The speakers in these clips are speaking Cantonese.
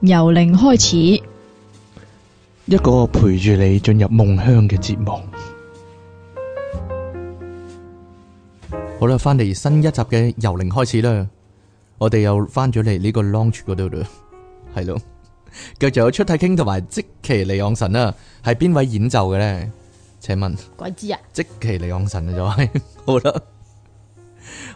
由零開始，一個陪住你進入夢鄉嘅節目。好啦，翻嚟新一集嘅由零開始啦。我哋又翻咗嚟呢個 launch 嗰度啦，係咯。繼續有出體傾同埋即其離昂神啦、啊，係邊位演奏嘅咧？請問鬼知啊？即其離昂神就、啊、係 好啦，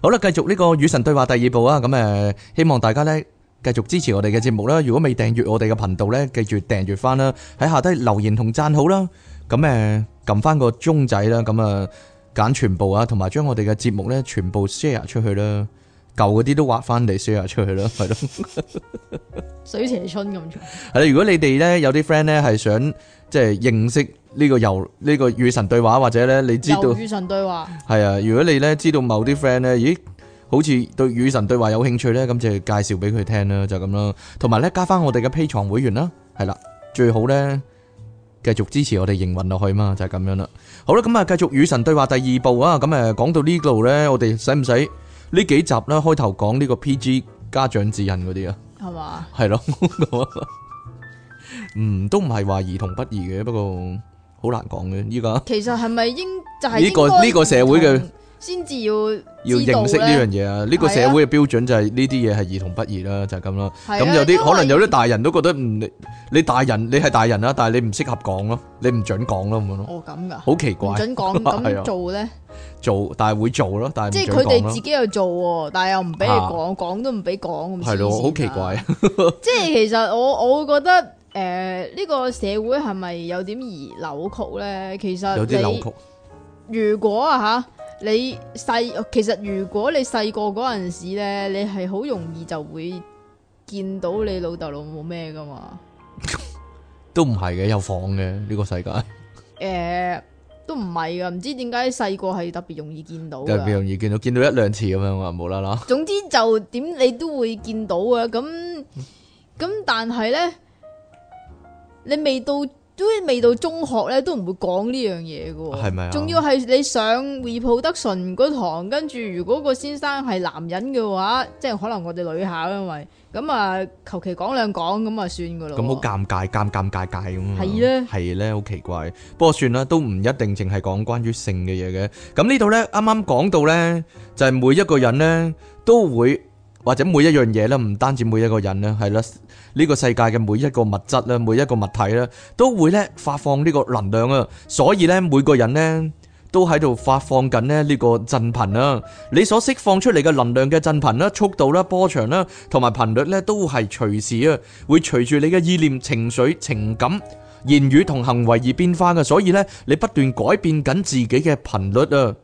好啦，繼續呢個與神對話第二部啊。咁誒，希望大家咧。繼續支持我哋嘅節目啦！如果未訂閱我哋嘅頻道咧，記住訂閱翻啦。喺下低留言同讚好啦。咁誒，撳翻個鐘仔啦。咁啊，揀全部啊，同埋將我哋嘅節目咧，全部 share 出去啦。舊嗰啲都挖翻嚟 share 出去啦，係咯。 水蛇春咁。係啦，如果你哋咧有啲 friend 咧係想即係認識呢個由呢個與神對話，或者咧你知道與神對話係啊。如果你咧知道某啲 friend 咧，咦？好似對與神對話有興趣咧，咁就介紹俾佢聽啦，就咁、是、啦。同埋咧，加翻我哋嘅 Patreon 會員啦，係啦，最好咧繼續支持我哋營運落去嘛，就係、是、咁樣啦。好啦，咁啊，繼續與神對話第二部啊，咁誒，講到呢度咧，我哋使唔使呢幾集咧？開頭講呢個 P G 家長指引嗰啲啊，係嘛吧？係咯，嗯，都唔係話兒童不宜嘅，不過好難講嘅依個。其實係咪應就係呢個呢個社會嘅？先至要要認識呢樣嘢啊！呢個社會嘅標準就係呢啲嘢係兒童不宜啦，就係咁啦。咁有啲可能有啲大人都覺得唔你你大人你係大人啦，但係你唔適合講咯，你唔準講咯，咁咯。哦，咁噶，好奇怪，唔準講咁做咧，做但係會做咯，但係即係佢哋自己又做，但係又唔俾你講，講都唔俾講咁，係咯，好奇怪。即係其實我我覺得誒呢個社會係咪有點而扭曲咧？其實有啲扭曲。如果啊嚇～你細，其實如果你細個嗰陣時咧，你係好容易就會見到你老豆老母咩噶嘛？都唔係嘅，有房嘅呢個世界。誒，都唔係噶，唔知點解細個係特別容易見到。特別容易見到，見到一兩次咁樣啊，冇啦啦。總之就點你都會見到啊！咁咁但係咧，你未到。都未到中學咧，都唔會講呢樣嘢嘅喎。係咪啊？仲要係你上 reproduction 嗰堂，跟住如果個先生係男人嘅話，即係可能我哋女校因為咁啊，求其講兩講咁啊，算噶啦。咁好尷尬，尷尷尬尬咁啊。係咧呢，係咧，好奇怪。不過算啦，都唔一定淨係講關於性嘅嘢嘅。咁呢度咧，啱啱講到咧，就係、是、每一個人咧都會或者每一樣嘢咧，唔單止每一個人都係啦。呢個世界嘅每一個物質啦，每一個物體啦，都會咧發放呢個能量啊，所以咧每個人呢都喺度發放緊咧呢個振頻啦。你所釋放出嚟嘅能量嘅振頻啦、速度啦、波長啦同埋頻率咧，都係隨時啊會隨住你嘅意念、情緒、情感、言語同行為而變化嘅。所以咧，你不斷改變緊自己嘅頻率啊，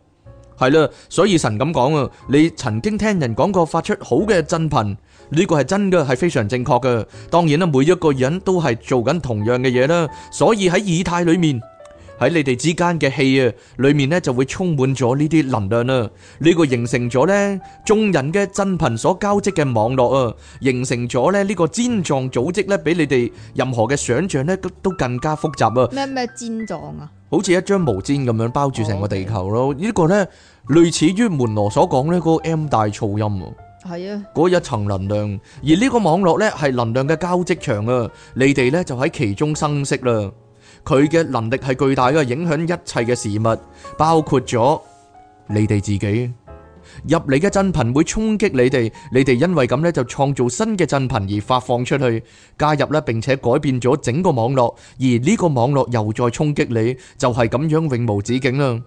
係啦。所以神咁講啊，你曾經聽人講過發出好嘅振頻。呢個係真噶，係非常正確噶。當然啦，每一個人都係做緊同樣嘅嘢啦，所以喺以太裏面，喺你哋之間嘅氣啊，裏面咧就會充滿咗呢啲能量啦。呢個形成咗咧，眾人嘅振頻所交織嘅網絡啊，形成咗咧呢個尖狀組織咧，比你哋任何嘅想象咧都都更加複雜啊！咩咩尖狀啊？好似一張毛氈咁樣包住成個地球咯。呢個咧類似於門羅所講咧嗰個 M 大噪音啊。係啊，嗰一層能量，而呢個網絡呢係能量嘅交織場啊，你哋呢就喺其中生息啦。佢嘅能力係巨大嘅，影響一切嘅事物，包括咗你哋自己。入嚟嘅振頻會衝擊你哋，你哋因為咁呢就創造新嘅振頻而發放出去，加入咧並且改變咗整個網絡，而呢個網絡又再衝擊你，就係咁樣永無止境啦。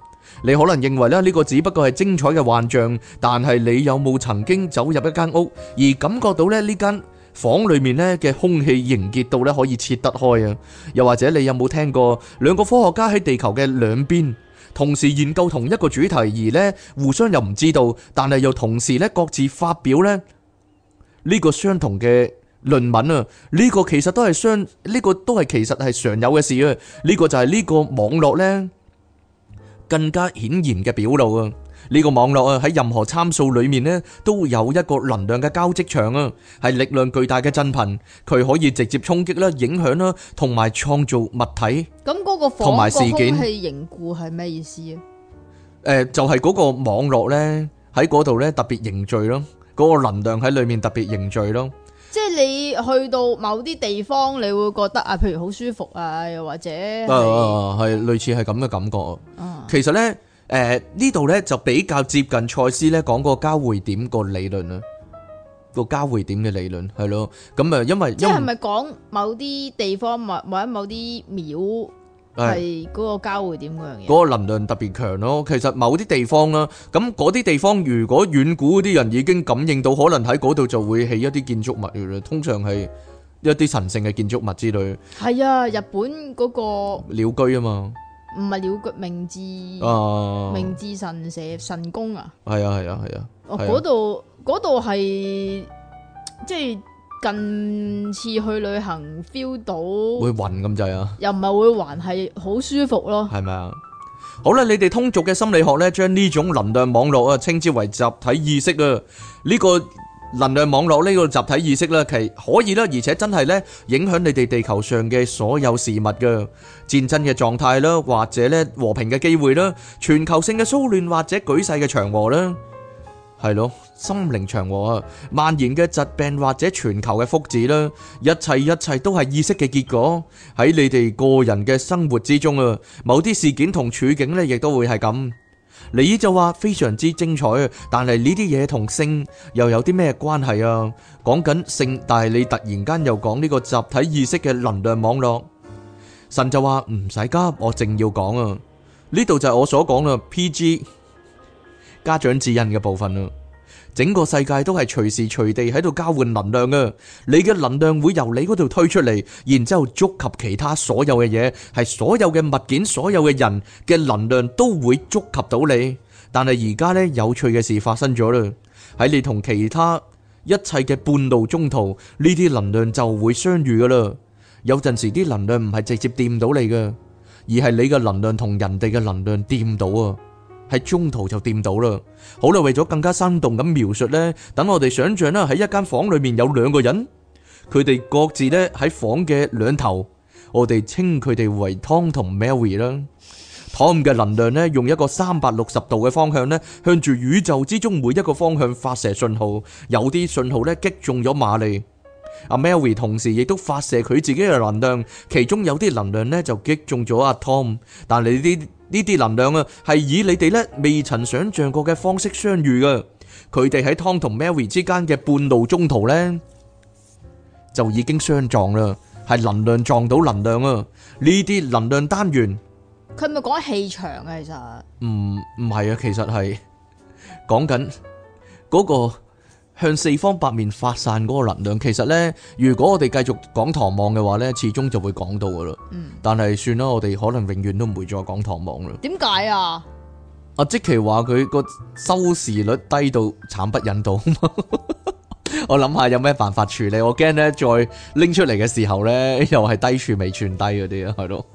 你可能認為咧呢個只不過係精彩嘅幻象，但係你有冇曾經走入一間屋而感覺到咧呢間房間裏面咧嘅空氣凝結到咧可以切得開啊？又或者你有冇聽過兩個科學家喺地球嘅兩邊同時研究同一個主題，而咧互相又唔知道，但係又同時咧各自發表咧呢個相同嘅論文啊？呢個其實都係相，呢個都係其實係常有嘅事啊！呢個就係呢個網絡咧，更加顯然嘅表露啊！呢個網絡啊，喺任何參數裏面咧，都會有一個能量嘅交織場啊，係力量巨大嘅振頻，佢可以直接衝擊啦、影響啦，同埋創造物體。咁嗰個仿個同埋事件空氣凝固係咩意思啊？誒，就係嗰個網絡咧喺嗰度咧特別凝聚咯，嗰個能量喺裏面特別凝聚咯。即係你去到某啲地方，你會覺得啊，譬如好舒服啊，又或者係、啊、是類似係咁嘅感覺。啊、其實咧，誒呢度咧就比較接近賽斯咧講個交匯點個理論啊，個交匯點嘅理論係咯。咁啊、嗯，因為即係咪講某啲地方，或者某啲廟。係嗰個交匯點嗰樣嘢，嗰個能量特別強咯。其實某啲地方啦，咁嗰啲地方如果遠古嗰啲人已經感應到，可能喺嗰度就會起一啲建築物啦。通常係一啲神聖嘅建築物之類。係啊，日本嗰個鳥居啊嘛，唔係鳥居，明治啊，明治神社神宮啊。係啊係啊係啊，哦嗰度嗰度係即係。近次去旅行 feel 到會暈咁滯啊，又唔係會暈，係好舒服咯，係咪啊？好啦，你哋通俗嘅心理學咧，將呢種能量網絡啊，稱之為集體意識啊。呢個能量網絡呢個集體意識咧，其實可以啦，而且真係咧影響你哋地球上嘅所有事物噶，戰爭嘅狀態啦，或者咧和平嘅機會啦，全球性嘅騷亂或者舉世嘅祥和啦，係咯。心靈祥和蔓延嘅疾病，或者全球嘅福祉啦，一切一切都係意識嘅結果，喺你哋個人嘅生活之中啊。某啲事件同處境咧，亦都會係咁。你呢就話非常之精彩啊，但係呢啲嘢同性又有啲咩關係啊？講緊性，但係你突然間又講呢個集體意識嘅能量網絡，神就話唔使急，我正要講啊。呢度就係我所講嘅，P.G 家長指引嘅部分啦。整個世界都係隨時隨地喺度交換能量噶你嘅能量會由你嗰度推出嚟，然之後觸及其他所有嘅嘢，係所有嘅物件、所有嘅人嘅能量都會觸及到你。但係而家呢，有趣嘅事發生咗啦，喺你同其他一切嘅半路中途，呢啲能量就會相遇噶啦。有陣時啲能量唔係直接掂到你噶，而係你嘅能量同人哋嘅能量掂到啊。喺中途就掂到啦。好啦，為咗更加生動咁描述呢，等我哋想象啦，喺一間房裏面有兩個人，佢哋各自呢喺房嘅兩頭，我哋稱佢哋為 Tom 同 Mary 啦。Tom 嘅能量呢，用一個三百六十度嘅方向呢，向住宇宙之中每一個方向發射信號，有啲信號呢，擊中咗瑪麗。阿 Mary 同時亦都發射佢自己嘅能量，其中有啲能量咧，就擊中咗阿 Tom，但你啲呢啲能量啊，係以你哋咧，未曾想象過嘅方式相遇噶佢哋喺 Tom 同 Mary 之間嘅半路中途咧，就已經相撞啦，係能量撞到能量啊！呢啲能量單元，佢係咪講緊氣場啊？其實唔唔係啊，其實係講緊嗰個。向四方八面發散嗰個能量，其實呢，如果我哋繼續講唐望嘅話呢，始終就會講到噶啦。嗯，但係算啦，我哋可能永遠都唔會再講唐望啦。點解啊？阿即奇話佢個收視率低到慘不忍睹， 我諗下有咩辦法處理？我驚呢，再拎出嚟嘅時候呢，又係低處未串低嗰啲啊，係咯，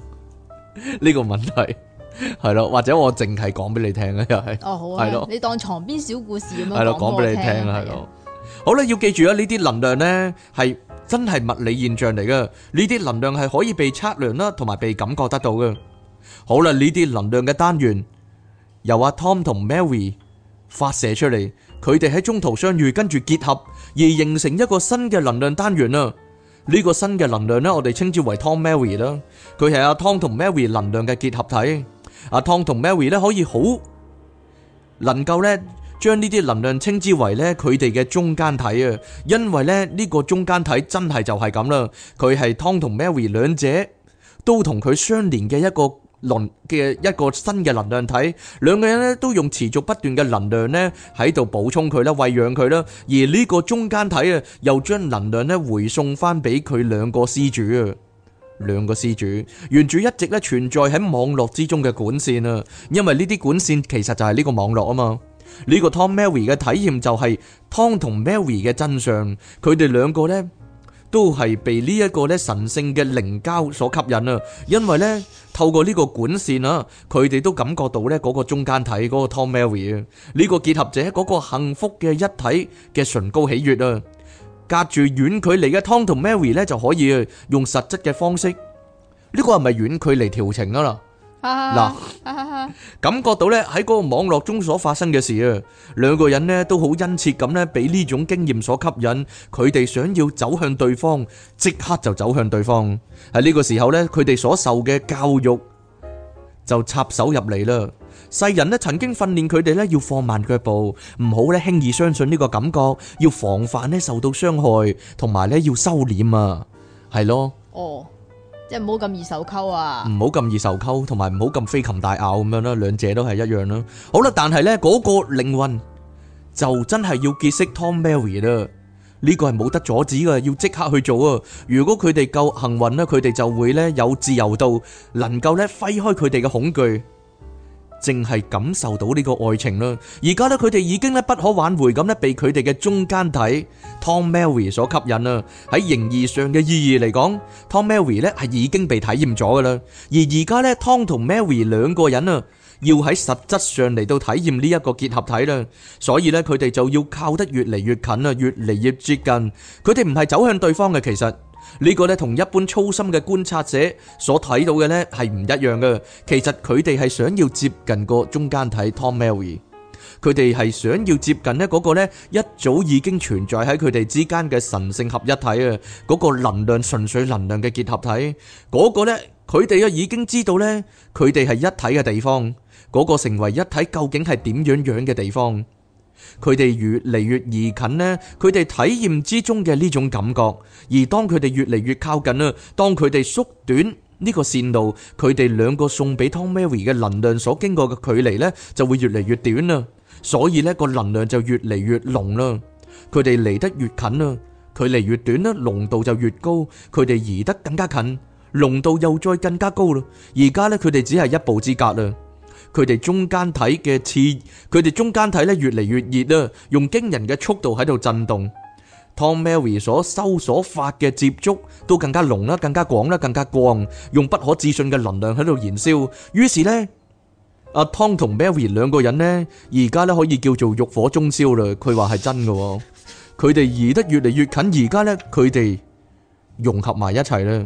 呢個問題。 係咯，或者我淨係講俾你聽咧，又係哦好啊，係咯，你當床邊小故事咁樣講俾你聽啊，係咯，好啦，要記住啊，呢啲能量咧係真係物理現象嚟㗎，呢啲能量係可以被測量啦，同埋被感覺得到㗎。好啦，呢啲能量嘅單元由阿 Tom 同 Mary 發射出嚟，佢哋喺中途相遇，跟住結合而形成一個新嘅能量單元啊。呢個新嘅能量咧，我哋稱之為 Tom Mary 啦，佢係阿 Tom 同 Mary 能量嘅結合體。阿湯同 Mary 咧可以好能夠咧將呢啲能量稱之為咧佢哋嘅中間體啊，因為咧呢個中間體真係就係咁啦，佢係湯同 Mary 兩者都同佢相連嘅一個輪嘅一個新嘅能量體，兩個人咧都用持續不斷嘅能量咧喺度補充佢啦，喂養佢啦，而呢個中間體啊又將能量咧回送翻俾佢兩個施主啊。兩個施主，原主一直咧存在喺網絡之中嘅管線啊，因為呢啲管線其實就係呢個網絡啊嘛。呢、這個 Tom、Mary 嘅體驗就係 Tom 同 Mary 嘅真相，佢哋兩個呢都係被呢一個咧神聖嘅靈交所吸引啊，因為呢透過呢個管線啊，佢哋都感覺到呢嗰個中間體嗰、那個 Tom、Mary 啊，呢個結合者嗰個幸福嘅一體嘅崇高喜悅啊。隔住遠距離嘅 Tom 同 Mary 咧，就可以用實質嘅方式，呢個係咪遠距離調情啦？嗱，感覺到咧喺嗰個網絡中所發生嘅事啊，兩個人咧都好殷切咁咧，畀呢種經驗所吸引，佢哋想要走向對方，即刻就走向對方。喺呢個時候咧，佢哋所受嘅教育就插手入嚟啦。世人咧曾經訓練佢哋咧要放慢腳步，唔好咧輕易相信呢個感覺，要防範咧受到傷害，同埋咧要收斂啊，係咯。哦，即係唔好咁易受溝啊！唔好咁易受溝，同埋唔好咁飛禽大咬咁樣啦，兩者都係一樣啦。好啦，但係咧嗰個靈魂就真係要結識 Tom Mary 啦，呢個係冇得阻止噶，要即刻去做啊！如果佢哋夠幸運咧，佢哋就會咧有自由度，能夠咧揮開佢哋嘅恐懼。淨係感受到呢個愛情啦。而家咧，佢哋已經咧不可挽回咁咧，被佢哋嘅中間體 Tom Mary 所吸引啦。喺形而上嘅意義嚟講，Tom Mary 咧係已經被體驗咗噶啦。而而家咧，Tom 同 Mary 兩個人啊，要喺實質上嚟到體驗呢一個結合體啦。所以咧，佢哋就要靠得越嚟越近啊，越嚟越接近。佢哋唔係走向對方嘅，其實。呢個咧同一般粗心嘅觀察者所睇到嘅呢係唔一樣嘅。其實佢哋係想要接近個中間體 Tom Mary，佢哋係想要接近呢嗰個咧一早已經存在喺佢哋之間嘅神聖合一體啊，嗰、那個能量純粹能量嘅結合體，嗰、那個呢，佢哋啊已經知道呢，佢哋係一體嘅地方，嗰、那個成為一體究竟係點樣樣嘅地方。佢哋越嚟越移近呢，佢哋體驗之中嘅呢種感覺。而當佢哋越嚟越靠近啦，當佢哋縮短呢個線路，佢哋兩個送俾湯瑪麗嘅能量所經過嘅距離呢，就會越嚟越短啦。所以呢個能量就越嚟越濃啦。佢哋離得越近啦，距離越短啦，濃度就越高。佢哋移得更加近，濃度又再更加高啦。而家呢，佢哋只係一步之隔啦。佢哋中間體嘅刺，佢哋中間體咧，越嚟越熱啦，用驚人嘅速度喺度震動。湯 Mary 所收所發嘅接觸都更加濃啦，更加廣啦，更加光，用不可置信嘅能量喺度燃燒。於是咧，阿湯同 Mary 兩個人咧，而家咧可以叫做欲火中燒啦。佢話係真嘅，佢哋移得越嚟越近，而家咧佢哋融合埋一齊啦。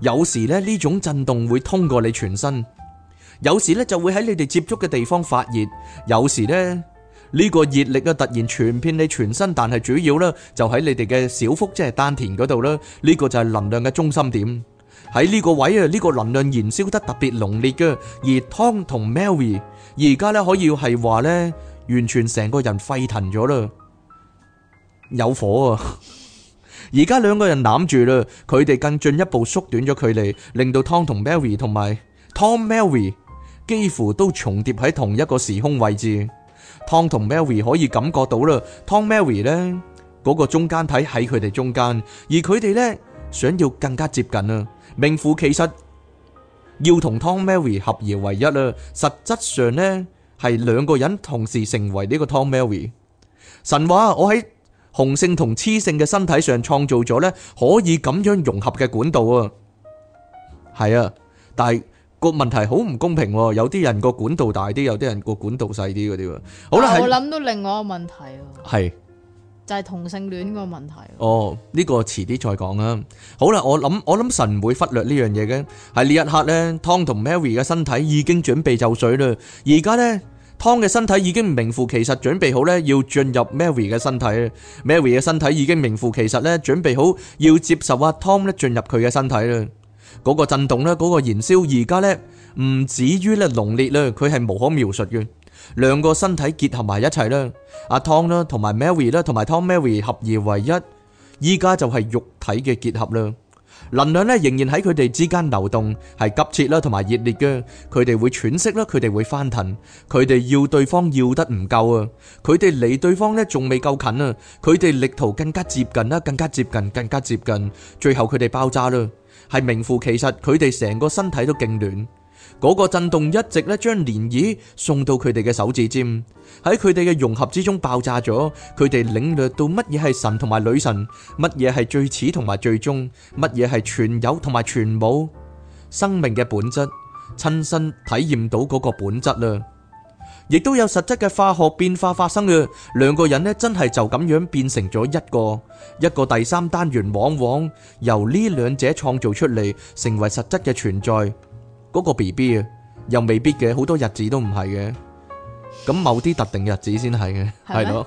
有時咧呢種震動會通過你全身，有時咧就會喺你哋接觸嘅地方發熱，有時咧呢、這個熱力啊突然傳遍你全身，但係主要咧就喺你哋嘅小腹即係丹田嗰度啦，呢、這個就係能量嘅中心點。喺呢個位啊，呢、這個能量燃燒得特別濃烈嘅，而 Tom 同 Mary 而家咧可以係話咧，完全成個人沸騰咗啦，有火啊！ 而家兩個人攬住啦，佢哋更進一步縮短咗距離，令到 Tom 同 Mary 同埋 Tom Mary 幾乎都重疊喺同一個時空位置。Tom 同 Mary 可以感覺到啦，Tom Mary 呢嗰，那個中間體喺佢哋中間，而佢哋呢想要更加接近啦，名副其實要同 Tom Mary 合而為一啦。實質上呢係兩個人同時成為呢個 Tom Mary 神話。我喺。雄性同雌性嘅身體上創造咗咧可以咁樣融合嘅管道啊，係啊，但係個問題好唔公平喎，有啲人個管道大啲，有啲人個管道細啲嗰啲喎。好啦，我諗到另外一個問題，係就係同性戀個問題。哦，呢個遲啲再講啦。好啦，我諗我諗神唔會忽略呢樣嘢嘅。喺呢一刻咧，Tom 同 Mary 嘅身體已經準備就緒啦，而家咧。湯嘅身體已經名副其實準備好咧，要進入 Mary 嘅身體。Mary 嘅身體已經名副其實咧，準備好要接受阿湯咧進入佢嘅身體啦。嗰個震動咧，嗰個燃燒而家咧唔止於咧濃烈啦，佢係無可描述嘅。兩個身體結合埋一齊啦，阿湯啦，同埋 Mary 啦，同埋湯 Mary 合而為一，依家就係肉體嘅結合啦。能量咧仍然喺佢哋之間流動，係急切啦，同埋熱烈嘅。佢哋會喘息啦，佢哋會翻騰，佢哋要對方要得唔夠啊！佢哋離對方咧仲未夠近啊！佢哋力圖更加接近啦，更加接近，更加接近，最後佢哋爆炸啦！係名副其實，佢哋成個身體都勁暖。嗰個震動一直咧將漣漪送到佢哋嘅手指尖，喺佢哋嘅融合之中爆炸咗。佢哋領略到乜嘢係神同埋女神，乜嘢係最始同埋最終，乜嘢係全有同埋全冇，生命嘅本質，親身體驗到嗰個本質啦。亦都有實質嘅化學變化發生嘅，兩個人咧真係就咁樣變成咗一個一個第三單元，往往由呢兩者創造出嚟，成為實質嘅存在。嗰個 B B 啊，又未必嘅，好多日子都唔係嘅，咁某啲特定日子先係嘅，係咯。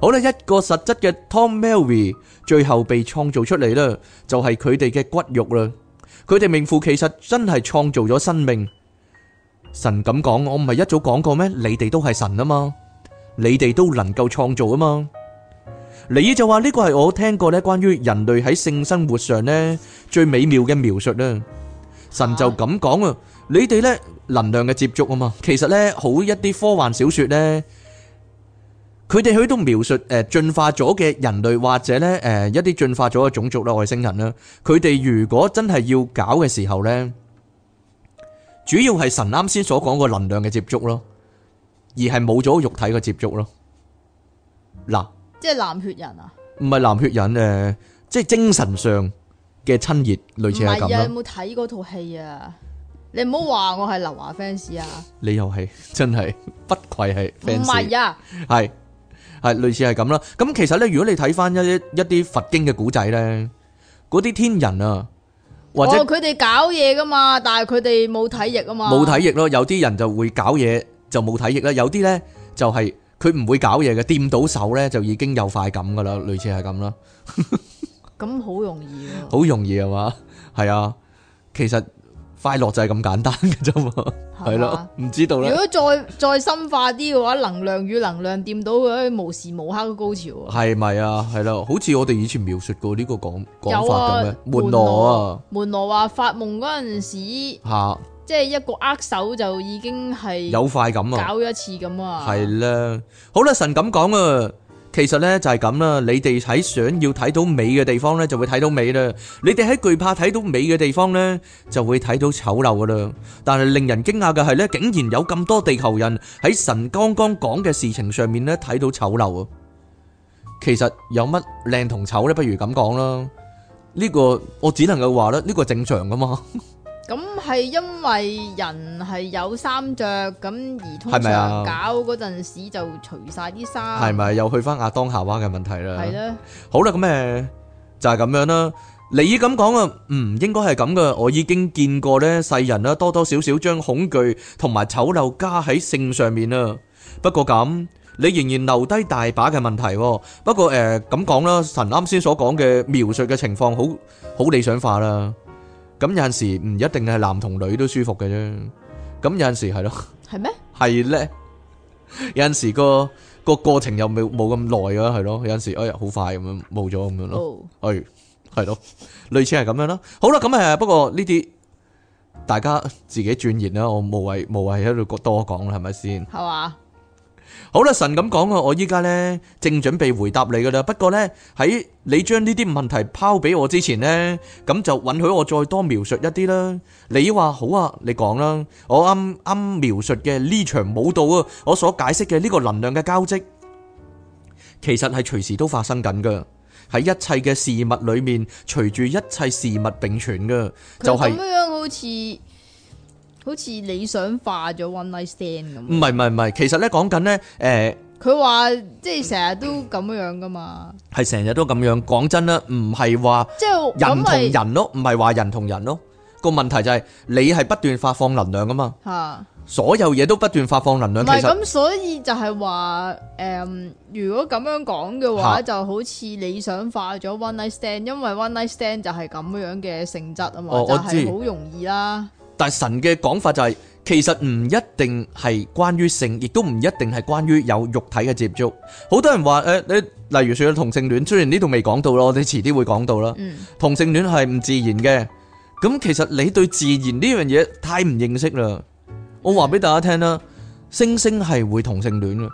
好啦，一個實質嘅 Tom Melly 最後被創造出嚟啦，就係佢哋嘅骨肉啦，佢哋名副其實真係創造咗生命。神咁講，我唔係一早講過咩？你哋都係神啊嘛，你哋都能夠創造啊嘛。尼爾就話呢個係我聽過呢，關於人類喺性生活上呢最美妙嘅描述啦。神就咁講啊，你哋呢能量嘅接觸啊嘛，其實呢好一啲科幻小說呢，佢哋喺度描述誒進化咗嘅人類或者呢誒一啲進化咗嘅種族啦外星人啦，佢哋如果真係要搞嘅時候呢，主要係神啱先所講個能量嘅接觸咯，而係冇咗肉體嘅接觸咯。嗱，即係藍血人啊？唔係藍血人誒，即係精神上。嘅親熱類似係咁啦。唔係啊，有冇睇嗰套戲啊？你唔好話我係劉華 fans 啊！你又係真係不愧係 fans。唔係啊，係係類似係咁啦。咁其實咧，如果你睇翻一啲一啲佛經嘅古仔咧，嗰啲天人啊，或者佢哋搞嘢噶嘛，但係佢哋冇體液啊嘛，冇體液咯。有啲人就會搞嘢，就冇體液啦。有啲咧就係佢唔會搞嘢嘅，掂到手咧就已經有快感噶啦，類似係咁啦。咁好容易，好容易係嘛？係啊，其實快樂就係咁簡單嘅啫嘛，係 咯、啊，唔、啊、知道咧。如果再再深化啲嘅話，能量與能量掂到佢，無時無刻嘅高潮 是是啊！係咪啊？係啦，好似我哋以前描述過呢個講講法嘅門羅啊，門羅話發夢嗰陣時，吓、啊，即係一個握手就已經係有快感啊，搞一次咁啊，係啦，好啦，神咁講啊。其實咧就係咁啦，你哋喺想要睇到美嘅地方咧，就會睇到美啦。你哋喺懼怕睇到美嘅地方咧，就會睇到醜陋噶啦。但係令人驚訝嘅係咧，竟然有咁多地球人喺神剛剛講嘅事情上面咧睇到醜陋啊！其實有乜靚同醜咧，不如咁講啦。呢個我只能夠話啦，呢個正常噶嘛。 咁係因為人係有衫着，咁而通常搞嗰陣時就除晒啲衫。係咪又去翻亞當夏娃嘅問題啦？係咯。好啦，咁誒就係咁樣啦。你咁講啊，唔，應該係咁噶。我已經見過咧，世人啦多多少少將恐懼同埋醜陋加喺性上面啦。不過咁，你仍然留低大把嘅問題。不過誒，咁講啦，神啱先所講嘅描述嘅情況，好好理想化啦。咁有陣時唔一定係男同女都舒服嘅啫，咁有陣時係咯，係咩？係咧，有陣時個個過程又冇冇咁耐啊，係咯，有陣時哎呀好快咁樣冇咗咁樣咯，係係咯，類似係咁樣咯。好啦，咁誒，不過呢啲大家自己鑽研啦，我無謂無謂喺度多講啦，係咪先？係嘛。好啦，神咁講啊，我依家呢，正準備回答你噶啦，不過呢，喺你將呢啲問題拋俾我之前呢，咁就允許我再多描述一啲啦。你話好啊，你講啦，我啱啱描述嘅呢場舞蹈啊，我所解釋嘅呢個能量嘅交織，其實係隨時都發生緊噶，喺一切嘅事物裏面，隨住一切事物並存噶，就係、好似。好似理想化咗 one night stand 咁。唔係唔係唔係，其實咧講緊咧誒。佢話即係成日都咁樣噶嘛。係成日都咁樣。講真啦，唔係話即係人同人咯，唔係話人同人咯。個問題就係你係不斷發放能量噶嘛。嚇。所有嘢都不斷發放能量。唔係咁，所以就係話誒，如果咁樣講嘅話，就好似理想化咗 one night stand，因為 one night stand 就係咁樣嘅性質啊嘛，就係好容易啦。但係神嘅講法就係，其實唔一定係關於性，亦都唔一定係關於有肉體嘅接觸。好多人話，誒，你例如說有同性戀，雖然呢度未講到咯，我哋遲啲會講到啦。同性戀係唔自然嘅，咁其實你對自然呢樣嘢太唔認識啦。我話俾大家聽啦，猩猩係會同性戀嘅，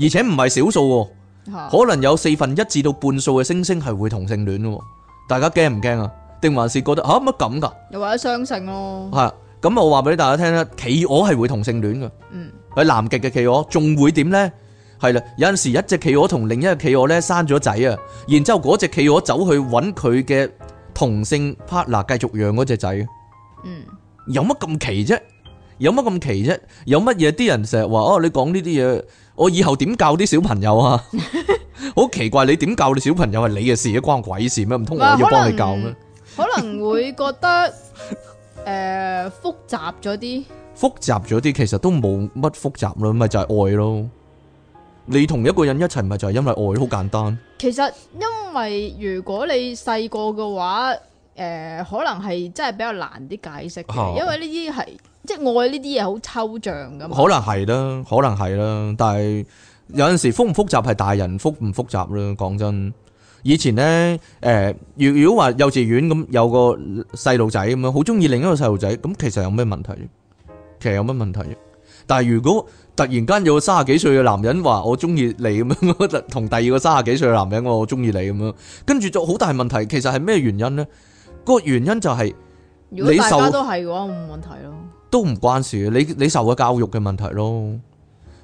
而且唔係少數，可能有四分一至到半數嘅猩猩係會同性戀嘅，大家驚唔驚啊？定還是覺得吓乜咁噶？又、啊、或者相性咯？係咁，我話俾大家聽啦，企鵝係會同性戀嘅。嗯，喺南極嘅企鵝仲會點咧？係啦，有陣時一隻企鵝同另一隻企鵝咧生咗仔、嗯、啊，然之後嗰隻企鵝走去搵佢嘅同性 partner 繼續養嗰隻仔。嗯，有乜咁奇啫？有乜咁奇啫？有乜嘢？啲人成日話哦，你講呢啲嘢，我以後點教啲小朋友啊？好 奇怪，你點教你小朋友係你嘅事，關鬼事咩？唔通我要幫你教咩？可能 教 可能會覺得誒複雜咗啲，複雜咗啲，其實都冇乜複雜啦，咪就係、是、愛咯。你同一個人一齊咪就係、是、因為愛，好簡單。其實因為如果你細個嘅話，誒、呃、可能係真係比較難啲解釋嘅，啊、因為呢啲係即係愛呢啲嘢好抽象㗎嘛，可。可能係啦，可能係啦，但係有陣時複唔複雜係大人複唔複雜啦，講真。以前咧，誒、呃，如果話幼稚園咁有個細路仔咁樣，好中意另一個細路仔咁，其實有咩問題？其實有乜問題？但係如果突然間有三十幾歲嘅男人話我中意你咁樣，同 第二個三十幾歲嘅男人話我中意你咁樣，跟住就好大問題。其實係咩原因咧？個原因就係如果大家都係嘅話，冇問題咯，都唔關事。你你受嘅教育嘅問題咯，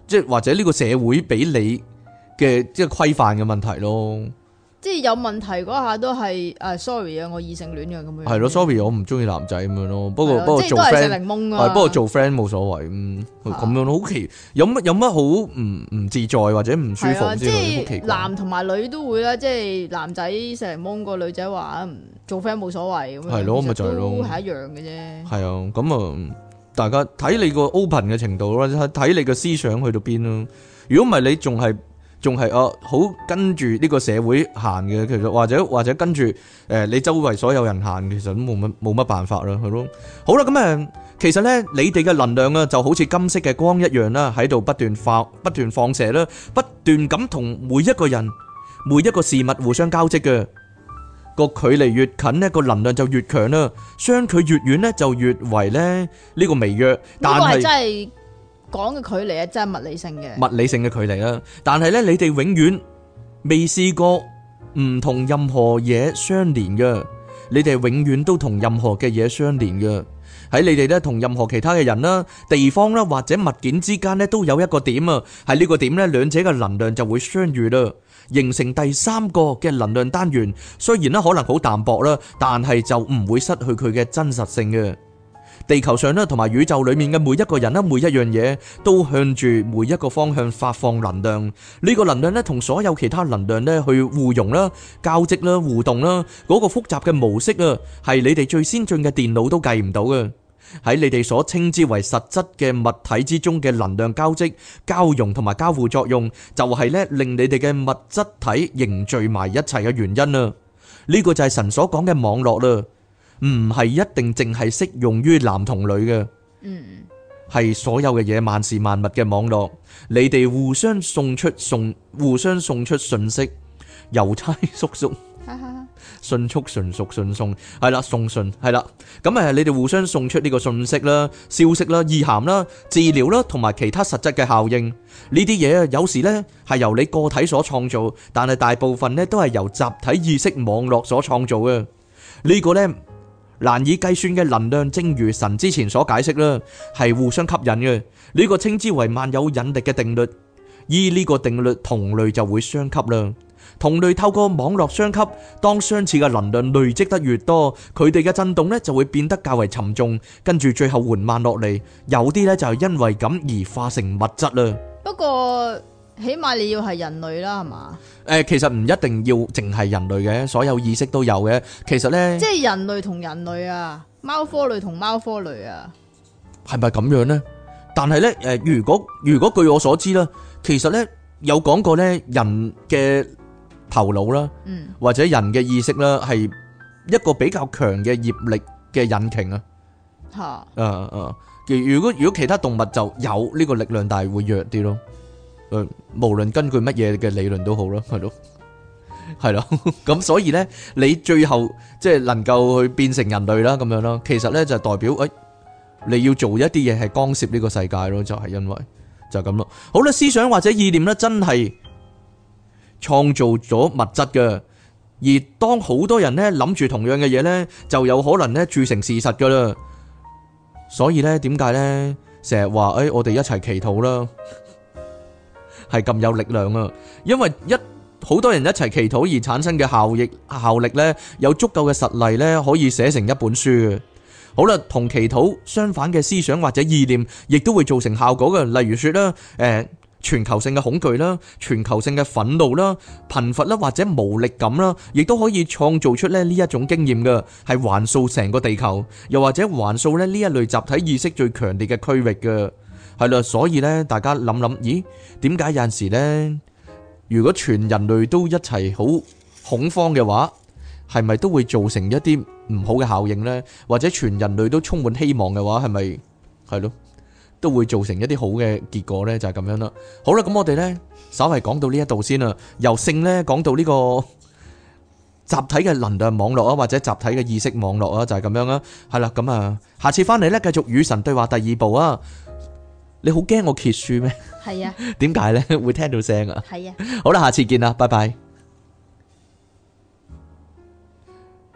即係或者呢個社會俾你嘅即係規範嘅問題咯。即係有問題嗰下都係誒、啊、sorry 啊，我異性戀啊，咁樣。係咯，sorry，我唔中意男仔咁樣咯。不過不過即係都係食檸檬啊。不過做 friend 冇所謂，咁、嗯啊、樣好奇，有乜有乜好唔唔自在或者唔舒服之類，好、啊、奇男同埋女都會啦，即係男仔成日檬個女仔話，做 friend 冇所謂咁樣，吧樣。係咯，咪就係咯，係一樣嘅啫。係啊，咁啊，大家睇你個 open 嘅程度啦，睇你嘅思想去到邊啦。如果唔係你仲係。仲係哦，好跟住呢個社會行嘅，其實或者或者跟住誒，你周圍所有人行，其實都冇乜冇乜辦法啦，係咯。好啦，咁啊，其實咧，你哋嘅能量啊，就好似金色嘅光一樣啦，喺度不斷發不斷放射啦，不斷咁同每一個人每一個事物互相交織嘅。個距離越近咧，個能量就越強啦；相距越遠咧，就越為咧呢個微弱。呢個，但係，真係。講嘅距離啊，真係物理性嘅物理性嘅距離啦。但係咧，你哋永遠未試過唔同任何嘢相連嘅。你哋永遠都同任何嘅嘢相連嘅。喺你哋咧，同任何其他嘅人啦、地方啦或者物件之間咧，都有一個點啊。喺呢個點咧，兩者嘅能量就會相遇啦，形成第三個嘅能量單元。雖然咧可能好淡薄啦，但係就唔會失去佢嘅真實性嘅。地球上咧，同埋宇宙裏面嘅每一個人啦，每一樣嘢都向住每一個方向發放能量。呢個能量咧，同所有其他能量咧去互融啦、交織啦、互動啦，嗰個複雜嘅模式啊，係你哋最先進嘅電腦都計唔到嘅。喺你哋所稱之為實質嘅物體之中嘅能量交織、交融同埋交互作用，就係咧令你哋嘅物質體凝聚埋一齊嘅原因啊。呢個就係神所講嘅網絡啦。唔係一定淨係適用於男同女嘅，嗯，係所有嘅嘢，萬事萬物嘅網絡，你哋互相送出送，互相送出訊息，郵差叔叔，哈哈，迅速，純屬順送係啦，送信係啦，咁啊，你哋互相送出呢個訊息啦、消息啦、意涵啦、治療啦，同埋其他實質嘅效應呢啲嘢有時呢係由你個體所創造，但係大部分呢都係由集體意識網絡所創造嘅，呢個呢。難以計算嘅能量，正如神之前所解釋啦，係互相吸引嘅。呢個稱之為萬有引力嘅定律。依呢個定律，同類就會相吸啦。同類透過網絡相吸，當相似嘅能量累積得越多，佢哋嘅震動咧就會變得較為沉重，跟住最後緩慢落嚟。有啲咧就係因為咁而化成物質啦。不過。起碼你要係人類啦，係嘛？誒，其實唔一定要淨係人類嘅，所有意識都有嘅。其實咧，即係人類同人類啊，貓科類同貓科類啊，係咪咁樣咧？但係咧，誒，如果如果據我所知啦，其實咧有講過咧，人嘅頭腦啦，嗯，或者人嘅意識啦，係一個比較強嘅業力嘅引擎啊，吓，嗯嗯，如如果如果其他動物就有呢個力量，但係會弱啲咯。無論根據乜嘢嘅理論都好啦，係咯，係咯，咁所以咧，你最後即係能夠去變成人類啦，咁樣咯，其實咧就代表誒，你要做一啲嘢係干涉呢個世界咯，就係因為就係咁咯。好啦，思想或者意念咧，真係創造咗物質嘅，而當好多人咧諗住同樣嘅嘢咧，就有可能咧鑄成事實噶啦。所以咧，點解咧成日話誒，我哋一齊祈禱啦。係咁有力量啊！因為一好多人一齊祈禱而產生嘅效益效力咧，有足夠嘅實例咧，可以寫成一本書嘅。好啦，同祈禱相反嘅思想或者意念，亦都會造成效果嘅。例如說啦，誒，全球性嘅恐懼啦，全球性嘅憤怒啦，貧乏啦或者無力感啦，亦都可以創造出咧呢一種經驗嘅，係橫掃成個地球，又或者橫掃咧呢一類集體意識最強烈嘅區域嘅。係啦，所以咧，大家諗諗，咦？點解有陣時咧，如果全人類都一齊好恐慌嘅話，係咪都會造成一啲唔好嘅效應咧？或者全人類都充滿希望嘅話，係咪係咯？都會造成一啲好嘅結果咧？就係咁樣啦。好啦，咁我哋咧，稍微講到呢一度先啦。由性咧，講到呢個集體嘅能量網絡啊，或者集體嘅意識網絡啊，就係咁樣啦。係啦，咁啊，下次翻嚟咧，繼續與神對話第二部啊。你好驚我揭書咩？係啊，點解咧會聽到聲啊？係啊， 好啦，下次見啦，拜拜。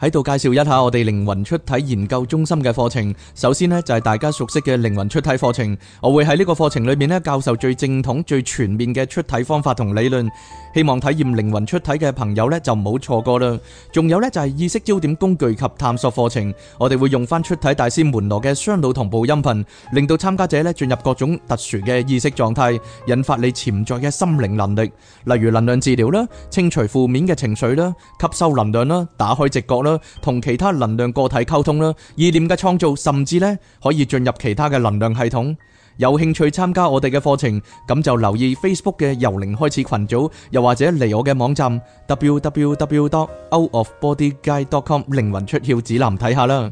喺度介紹一下我哋靈魂出體研究中心嘅課程。首先呢就係大家熟悉嘅靈魂出體課程，我會喺呢個課程裏面呢教授最正統、最全面嘅出體方法同理論。希望體驗靈魂出體嘅朋友呢就唔好錯過啦。仲有呢就係意識焦點工具及探索課程，我哋會用翻出體大師門羅嘅雙腦同步音頻，令到參加者呢進入各種特殊嘅意識狀態，引發你潛在嘅心靈能力，例如能量治療啦、清除負面嘅情緒啦、吸收能量啦、打開直覺。同其他能量個體溝通啦，意念嘅創造，甚至咧可以進入其他嘅能量系統。有興趣參加我哋嘅課程，咁就留意 Facebook 嘅由零開始群組，又或者嚟我嘅網站 www.outofbodyguide.com 靈魂出竅指南睇下啦。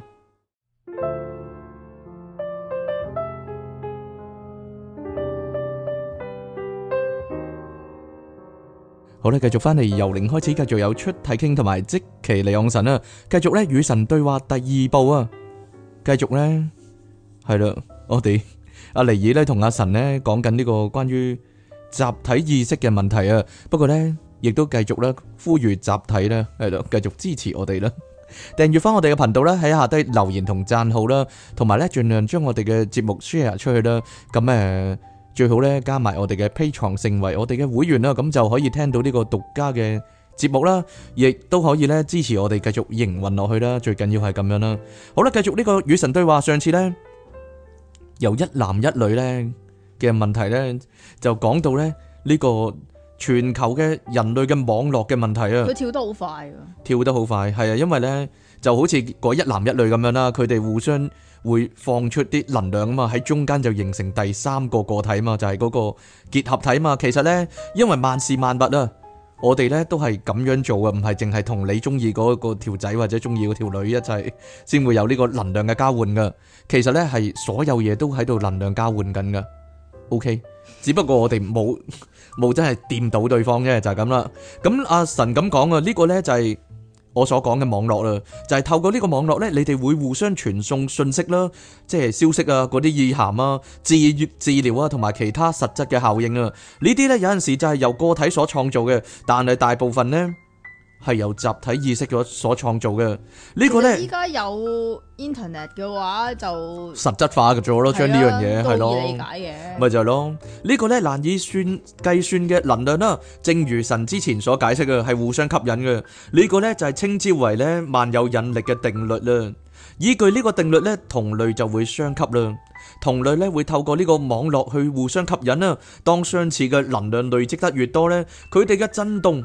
好啦，繼續翻嚟由零開始，繼續有出體傾同埋即其利用神啊，繼續咧與神對話第二部啊，繼續咧係啦，我哋阿尼爾咧同阿神咧講緊呢個關於集體意識嘅問題啊，不過咧亦都繼續咧呼籲集體咧係咯，繼續支持我哋啦，訂閱翻我哋嘅頻道啦，喺下低留言同讚好啦，同埋咧盡量將我哋嘅節目 share 出去啦，咁誒。最好咧加埋我哋嘅 Patreon，成為我哋嘅會員啦，咁就可以聽到呢個獨家嘅節目啦，亦都可以咧支持我哋繼續營運落去啦。最緊要係咁樣啦。好啦，繼續呢個與神對話，上次咧由一男一女咧嘅問題咧就講到咧呢個全球嘅人類嘅網絡嘅問題啊。佢跳得好快㗎，跳得好快，係啊，因為咧就好似嗰一男一女咁樣啦，佢哋互相會放出啲能量啊嘛，喺中間就形成第三個個體嘛，就係嗰個結合體嘛。其實咧，因為萬事萬物啊，我哋咧都係咁樣做嘅，唔係淨係同你中意嗰條仔或者中意嗰條女一齊，先會有呢個能量嘅交換噶。其實咧，係所有嘢都喺度能量交換緊噶。OK，只不過我哋冇冇真係掂到對方啫，就係咁啦。咁阿神咁講啊，呢個咧就係。我所講嘅網絡啦，就係透過呢個網絡咧，你哋會互相傳送信息啦，即係消息啊、嗰啲意涵啊、治愈治療啊，同埋其他實質嘅效應啊，呢啲咧有陣時就係由個體所創造嘅，但係大部分咧。係由集體意識所所創造嘅呢、呢個呢，依家有 internet 嘅話就實質化嘅咗、啊、咯，將呢樣嘢係咯，咪就係咯呢個呢，難以算計算嘅能量啦。正如神之前所解釋嘅，係互相吸引嘅呢、呢個呢，就係、是、稱之為呢萬有引力嘅定律啦。依據呢個定律呢，同類就會相吸啦。同類呢，會透過呢個網絡去互相吸引啦。當相似嘅能量累積得越多呢，佢哋嘅震動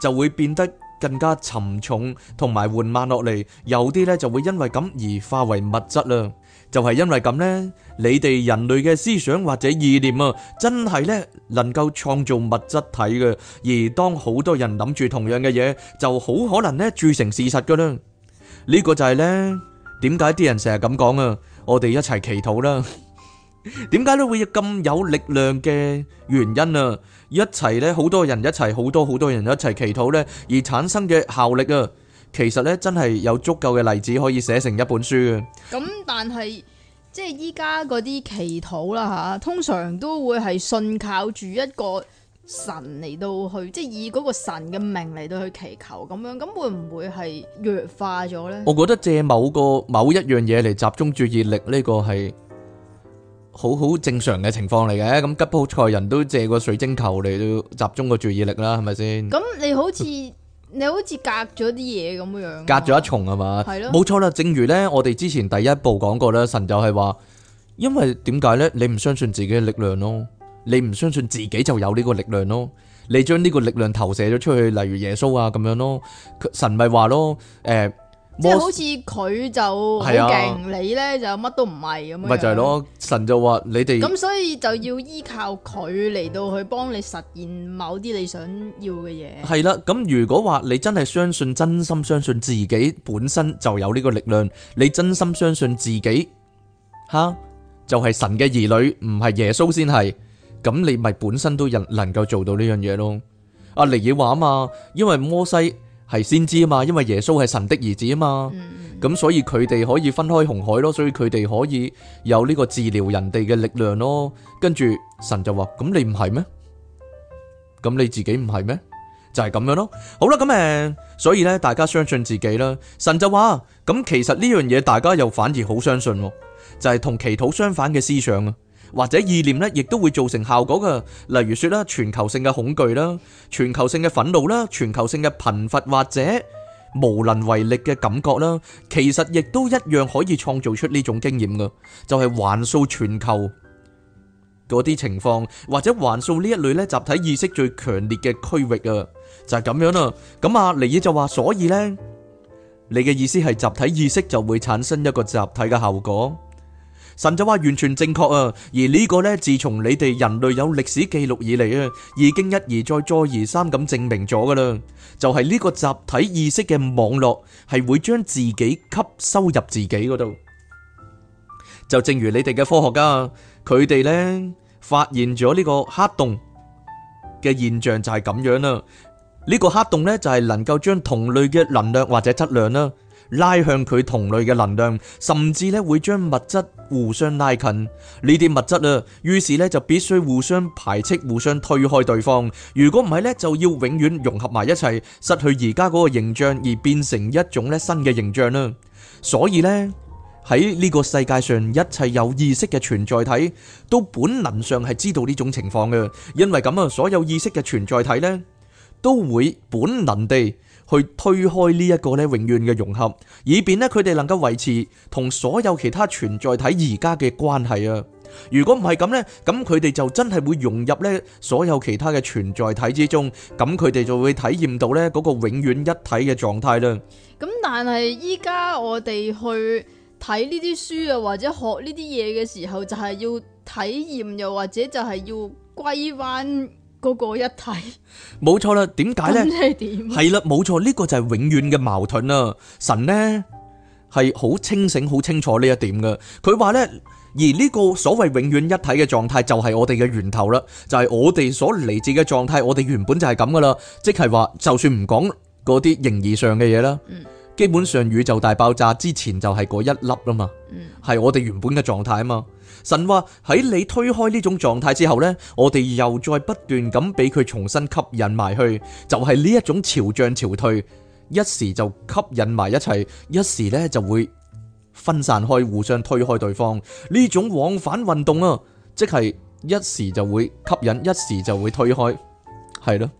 就會變得。更加沉重同埋緩慢落嚟，有啲咧就會因為咁而化為物質啦。就係、是、因為咁呢，你哋人類嘅思想或者意念啊，真係呢能夠創造物質體嘅。而當好多人諗住同樣嘅嘢，就好可能呢鑄成事實㗎喇。呢、這個就係呢點解啲人成日咁講啊？我哋一齊祈禱啦。點解咧會有咁有力量嘅原因啊？一齊咧，好多人一齊，好多好多人一齊祈禱咧，而產生嘅效力啊，其實咧真係有足夠嘅例子可以寫成一本書啊。咁但係即係依家嗰啲祈禱啦吓，通常都會係信靠住一個神嚟到去，即係以嗰個神嘅名嚟到去祈求咁樣，咁會唔會係弱化咗咧？我覺得借某個某一樣嘢嚟集中注意力呢個係。好好正常嘅情況嚟嘅，咁吉普賽人都借個水晶球嚟，都集中個注意力啦，係咪先？咁你好似 你好似隔咗啲嘢咁樣，啊，隔咗一重係嘛？係咯，冇錯啦。正如呢，我哋之前第一部講過咧，神就係話，因為點解呢？你唔相信自己嘅力量咯，你唔相信自己就有呢個力量咯，你將呢個力量投射咗出去，例如耶穌啊咁樣咯，神咪話咯，誒、欸。即係好似佢就好勁，你呢就乜都唔係咁樣，咪就係咯。神就話你哋咁，所以就要依靠佢嚟到去幫你實現某啲你想要嘅嘢。係啦，咁如果話你真係相信，真心相信自己本身就有呢個力量，你真心相信自己，吓就係神嘅兒女，唔係耶穌先係。咁你咪本身都人能夠做到呢樣嘢咯。阿尼爾話啊嘛，因為摩西，係先知啊嘛，因為耶穌係神的兒子啊嘛，咁、mm hmm. 所以佢哋可以分開紅海咯，所以佢哋可以有呢個治療人哋嘅力量咯。跟住神就話：，咁你唔係咩？咁你自己唔係咩？就係、是、咁樣咯。好啦，咁誒、呃，所以呢，大家相信自己啦。神就話：，咁、嗯、其實呢樣嘢大家又反而好相信喎，就係、是、同祈禱相反嘅思想啊，或者意念咧，亦都會造成效果噶例如說啦，全球性嘅恐懼啦，全球性嘅憤怒啦，全球性嘅貧乏或者無能為力嘅感覺啦，其實亦都一樣可以創造出呢種經驗噶就係橫掃全球嗰啲情況，或者橫掃呢一類咧集體意識最強烈嘅區域、就是、啊，就係咁樣啦。咁阿尼爾就話，所以呢，你嘅意思係集體意識就會產生一個集體嘅效果。神就話完全正確啊！而呢個呢，自從你哋人類有歷史記錄以嚟啊，已經一而再、再而三咁證明咗噶啦，就係呢個集體意識嘅網絡係會將自己吸收入自己嗰度。就正如你哋嘅科學家，佢哋呢發現咗呢個黑洞嘅現象，就係咁樣啦。呢個黑洞呢就係能夠將同類嘅能量或者質量啦。拉向佢同類嘅能量，甚至咧會將物質互相拉近。呢啲物質啊，於是咧就必須互相排斥、互相推開對方。如果唔係咧，就要永遠融合埋一齊，失去而家嗰個形象，而變成一種咧新嘅形象啦。所以呢，喺呢個世界上，一切有意識嘅存在體，都本能上係知道呢種情況嘅。因為咁啊，所有意識嘅存在體呢，都會本能地。去推開呢一個咧永遠嘅融合，以便咧佢哋能夠維持同所有其他存在體而家嘅關係啊！如果唔係咁咧，咁佢哋就真係會融入咧所有其他嘅存在體之中，咁佢哋就會體驗到咧嗰個永遠一體嘅狀態啦。咁但係依家我哋去睇呢啲書啊，或者學呢啲嘢嘅時候，就係要體驗，又或者就係要歸還。個個一體，冇錯啦。點解呢？係點？係啦，冇錯。呢個就係永遠嘅矛盾啦。神呢係好清醒、好清楚呢一點嘅。佢話呢，而呢個所謂永遠一體嘅狀態，就係我哋嘅源頭啦。就係我哋所嚟自嘅狀態，我哋原本就係咁噶啦。即係話，就算唔講嗰啲形而上嘅嘢啦，嗯，基本上宇宙大爆炸之前就係嗰一粒啦嘛，嗯，係我哋原本嘅狀態啊嘛。神話，喺你推開呢種狀態之後呢，我哋又再不斷咁俾佢重新吸引埋去，就係呢一種潮漲潮退，一時就吸引埋一齊，一時呢就會分散開，互相推開對方，呢種往返運動啊，即係一時就會吸引，一時就會推開，係咯，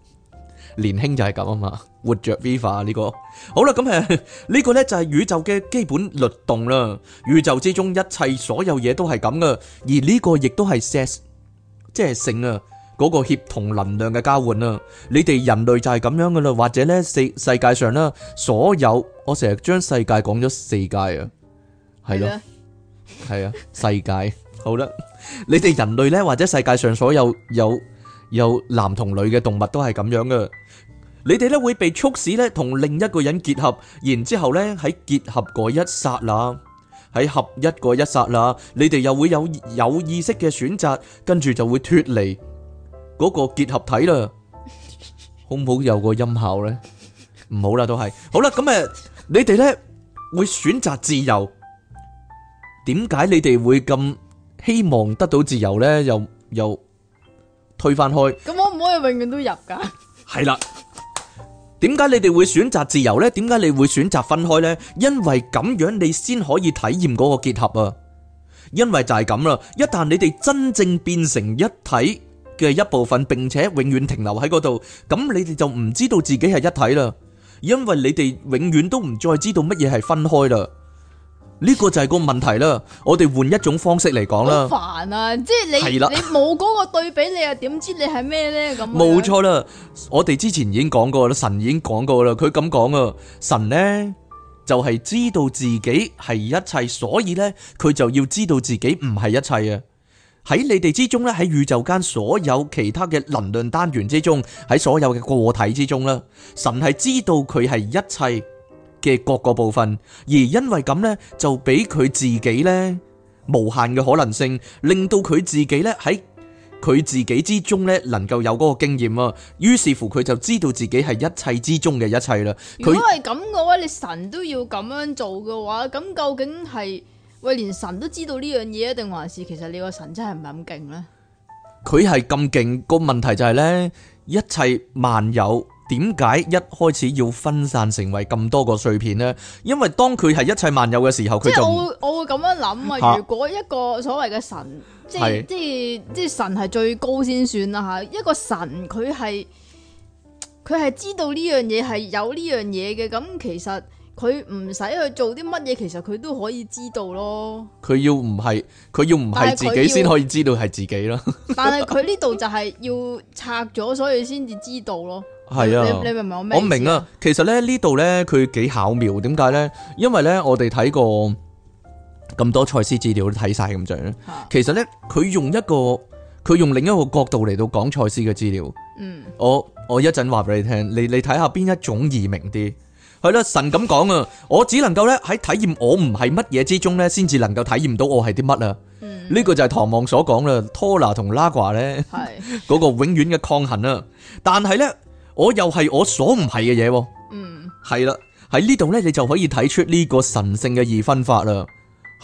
年輕就係咁啊嘛。活着，Viva 呢個好啦，咁誒呢個咧就係宇宙嘅基本律動啦。宇宙之中一切所有嘢都係咁噶，而呢個亦都係 sex，即係性啊嗰個協同能量嘅交換啊。你哋人類就係咁樣噶啦，或者咧世世界上啦，所有我成日將世界講咗世界啊，係咯，係啊，世界好啦，你哋人類咧，或者世界上所有有有男同女嘅動物都係咁樣噶。你哋咧會被促使咧同另一個人結合，然之後咧喺結合嗰一剎那，喺合一嗰一剎那，你哋又會有有意識嘅選擇，跟住就會脱離嗰個結合體啦。好唔好？有個音效咧？唔好啦，都係好啦。咁誒，你哋咧會選擇自由？點解你哋會咁希望得到自由咧？又又推翻去？咁可唔可以永遠都入噶？係啦。點解你哋會選擇自由呢？點解你會選擇分開呢？因為咁樣你先可以體驗嗰個結合啊！因為就係咁啦，一旦你哋真正變成一體嘅一部分，並且永遠停留喺嗰度，咁你哋就唔知道自己係一體啦，因為你哋永遠都唔再知道乜嘢係分開啦。呢個就係個問題啦，我哋換一種方式嚟講啦。煩啊，即係你你冇嗰個對比，你又點知你係咩呢？咁，冇錯啦，我哋之前已經講過啦，神已經講過啦，佢咁講啊，神呢就係知道自己係一切，所以呢佢就要知道自己唔係一切啊。喺你哋之中呢，喺宇宙間所有其他嘅能量單元之中，喺所有嘅個體之中啦，神係知道佢係一切嘅各個部分，而因為咁呢，就俾佢自己呢無限嘅可能性，令到佢自己呢喺佢自己之中呢，能夠有嗰個經驗啊。於是乎，佢就知道自己係一切之中嘅一切啦。如果係咁嘅話，你神都要咁樣做嘅話，咁究竟係，喂連神都知道呢樣嘢，定還是其實你個神真係唔係咁勁呢？佢係咁勁，個問題就係呢，一切萬有。點解一開始要分散成為咁多個碎片呢？因為當佢係一切萬有嘅時候，佢就即係我我會咁樣諗啊。如果一個所謂嘅神，啊、即係是即係即係神係最高先算啦吓。一個神佢係佢係知道呢樣嘢，係有呢樣嘢嘅，咁其實佢唔使去做啲乜嘢，其實佢都可以知道咯。佢要唔係佢要唔係自己先可以知道係自己咯？但係佢呢度就係要拆咗，所以先至知道咯。係啊，你，你明唔明我，我明啊？其實咧呢度咧佢幾巧妙，點解咧？因為咧我哋睇過咁多賽斯資料都，都睇晒咁滯。其實咧佢用一個佢用另一個角度嚟到講賽斯嘅資料嗯，看看。嗯，我我一陣話俾你聽，你你睇下邊一種易明啲。係啦，神咁講啊，我只能夠咧喺體驗我唔係乜嘢之中咧，先至能夠體驗到我係啲乜啊。呢、嗯、個就係唐望所講啦，托拿同拉華咧，係嗰是 個永遠嘅抗衡啊。但係咧。我又係我所唔係嘅嘢喎，嗯，係啦，喺呢度呢，你就可以睇出呢個神聖嘅二分法啦，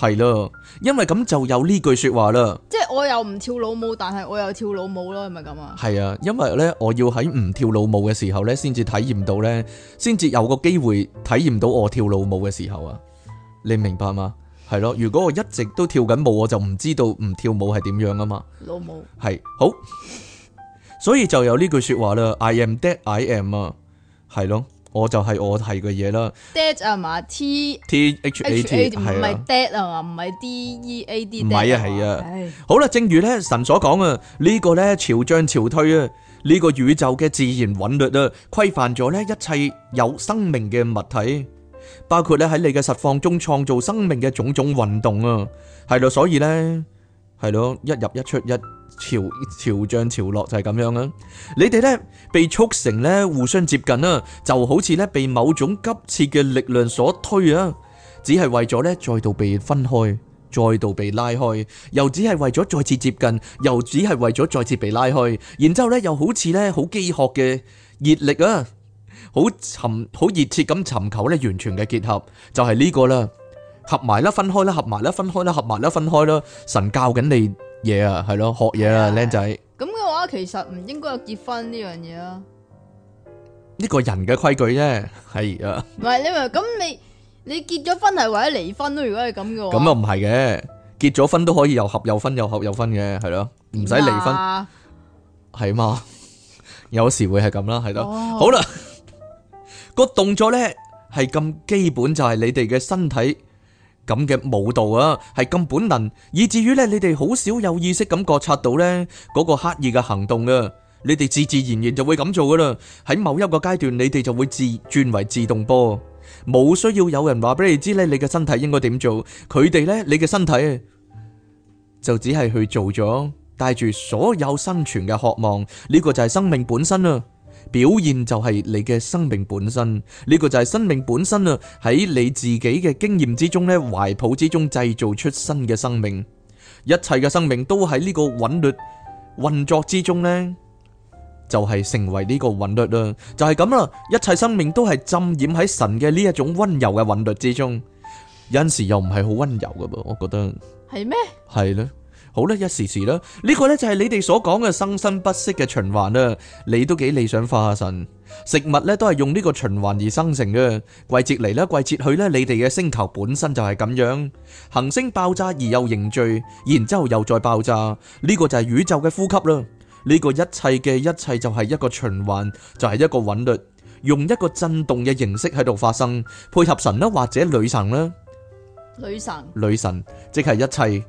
係咯，因為咁就有呢句說話啦，即係我又唔跳老母，但係我又跳老母咯，係咪咁啊？係啊，因為呢，我要喺唔跳老母嘅時候呢，先至體驗到呢，先至有個機會體驗到我跳老母嘅時候啊，你明白嗎？係咯，如果我一直都跳緊舞，我就唔知道唔跳舞係點樣啊嘛，老母，係，好。 所以就有呢句說話啦，I am dead，I am 啊，係咯，我就係我係嘅嘢啦。Dead 啊嘛，T hat, H、A、T H A T，唔係 dead 啊嘛，唔係 D E A D。唔係啊，係啊。啊哎、好啦，正如咧神所講啊，呢、這個咧潮漲潮退啊，呢、這個宇宙嘅自然韻律啊，規範咗咧一切有生命嘅物體，包括咧喺你嘅實況中創造生命嘅種種運動啊，係咯，所以咧係咯，一入一出一。潮潮漲潮落就係咁樣啊，你哋呢被促成呢互相接近啦，就好似呢被某種急切嘅力量所推啊，只係為咗呢再度被分開，再度被拉開，又只係為咗再次接近，又只係為咗再次被拉開，然之後呢又好似呢好飢渴嘅熱力啊，好尋好熱切咁尋求呢完全嘅結合，就係呢個啦，合埋啦分開啦合埋啦分開啦合埋啦分開啦，神教緊你。嘢啊，係咯，學嘢啊，靚仔。咁嘅話，其實唔應該有結婚呢樣嘢啊。呢個人嘅規矩啫，係啊。唔係你咪咁？你你結咗婚係為咗離婚咯？如果係咁嘅話，咁又唔係嘅。結咗婚都可以又合又分又合又分嘅，係咯，唔使離婚係嘛？有時會係咁啦，係咯。好啦，個動作咧係咁基本，就係你哋嘅身體。咁嘅舞蹈啊，係咁本能，以至於咧你哋好少有意識咁覺察到咧嗰個刻意嘅行動啊！你哋自自然然就會咁做噶啦。喺某一個階段，你哋就會自轉為自動波，冇需要有人話俾你知咧，你嘅身體應該點做。佢哋咧，你嘅身體就只係去做咗，帶住所有生存嘅渴望。呢個就係生命本身啊！表現就係你嘅生命本身，呢個就係生命本身啊！喺你自己嘅經驗之中咧，懷抱之中製造出新嘅生命，一切嘅生命都喺呢個韻律運作之中咧，就係成為呢個韻律啦，就係咁啦！一切生命都係浸染喺神嘅呢一種溫柔嘅韻律之中，有陣時又唔係好溫柔噶噃，我覺得係咩？係呢。好啦，一時時啦，呢個呢，就係你哋所講嘅生生不息嘅循環啦。你都幾理想化，神。食物呢都係用呢個循環而生成嘅。季節嚟啦，季節去咧，你哋嘅星球本身就係咁樣。恆星爆炸而又凝聚，然之後又再爆炸，呢個就係宇宙嘅呼吸啦。呢個一切嘅一切就係一個循環，就係一個韻律，用一個震動嘅形式喺度發生，配合神啦或者女神啦。女神，女神即係一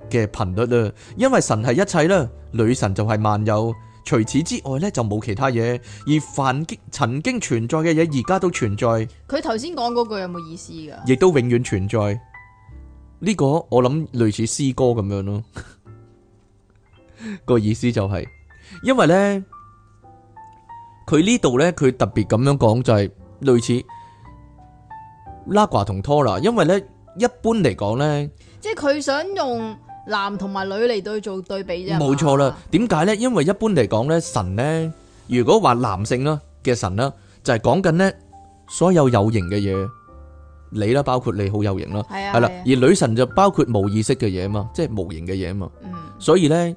切嘅頻率啦，因為神係一切啦，女神就係萬有。除此之外呢，就冇其他嘢。而凡經曾經存在嘅嘢，而家都存在。佢頭先講嗰句有冇意思㗎？亦都永遠存在呢、這個，我諗類似詩歌咁樣咯。 個意思就係、是，因為呢，佢呢度呢，佢特別咁樣講就係類似拉瓜同拖拉，因為咧。一般嚟講咧，即係佢想用男同埋女嚟對做對比啫，冇錯啦。點解咧？因為一般嚟講咧，神咧，如果話男性啦嘅神啦，就係講緊咧所有有形嘅嘢，你啦包括你好有形啦，係啦。而女神就包括無意識嘅嘢啊嘛，即係無形嘅嘢啊嘛。嗯。所以咧，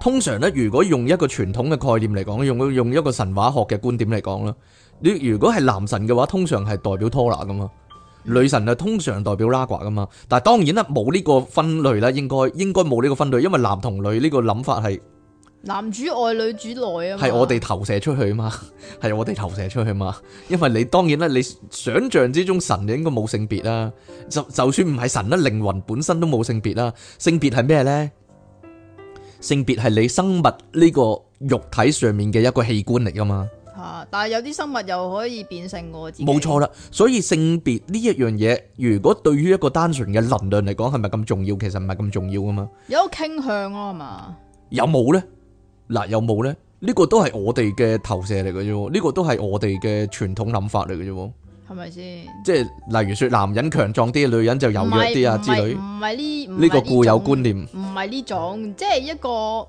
通常咧，如果用一個傳統嘅概念嚟講，用用一個神話學嘅觀點嚟講啦，你如果係男神嘅話，通常係代表拖拿噶嘛。女神啊，通常代表拉呱噶嘛，但係當然啦，冇呢個分類啦，應該應該冇呢個分類，因為男同女呢個諗法係男主外女主內啊，係我哋投射出去啊嘛，係我哋投射出去啊嘛，因為你當然啦，你想象之中神就應該冇性別啦，就就算唔係神啦，靈魂本身都冇性別啦，性別係咩咧？性別係你生物呢個肉體上面嘅一個器官嚟噶嘛。吓，但係有啲生物又可以變性個，冇錯啦。所以性別呢一樣嘢，如果對於一個單純嘅能量嚟講，係咪咁重要？其實唔係咁重要噶嘛。有傾向咯，係嘛？有冇呢？嗱，有冇呢？呢個都係我哋嘅投射嚟嘅啫，呢個都係我哋嘅傳統諗法嚟嘅啫，係咪先？即係例如說，男人強壯啲，女人就柔弱啲啊之類。唔係呢？呢個固有觀念。唔係呢種，即係一個。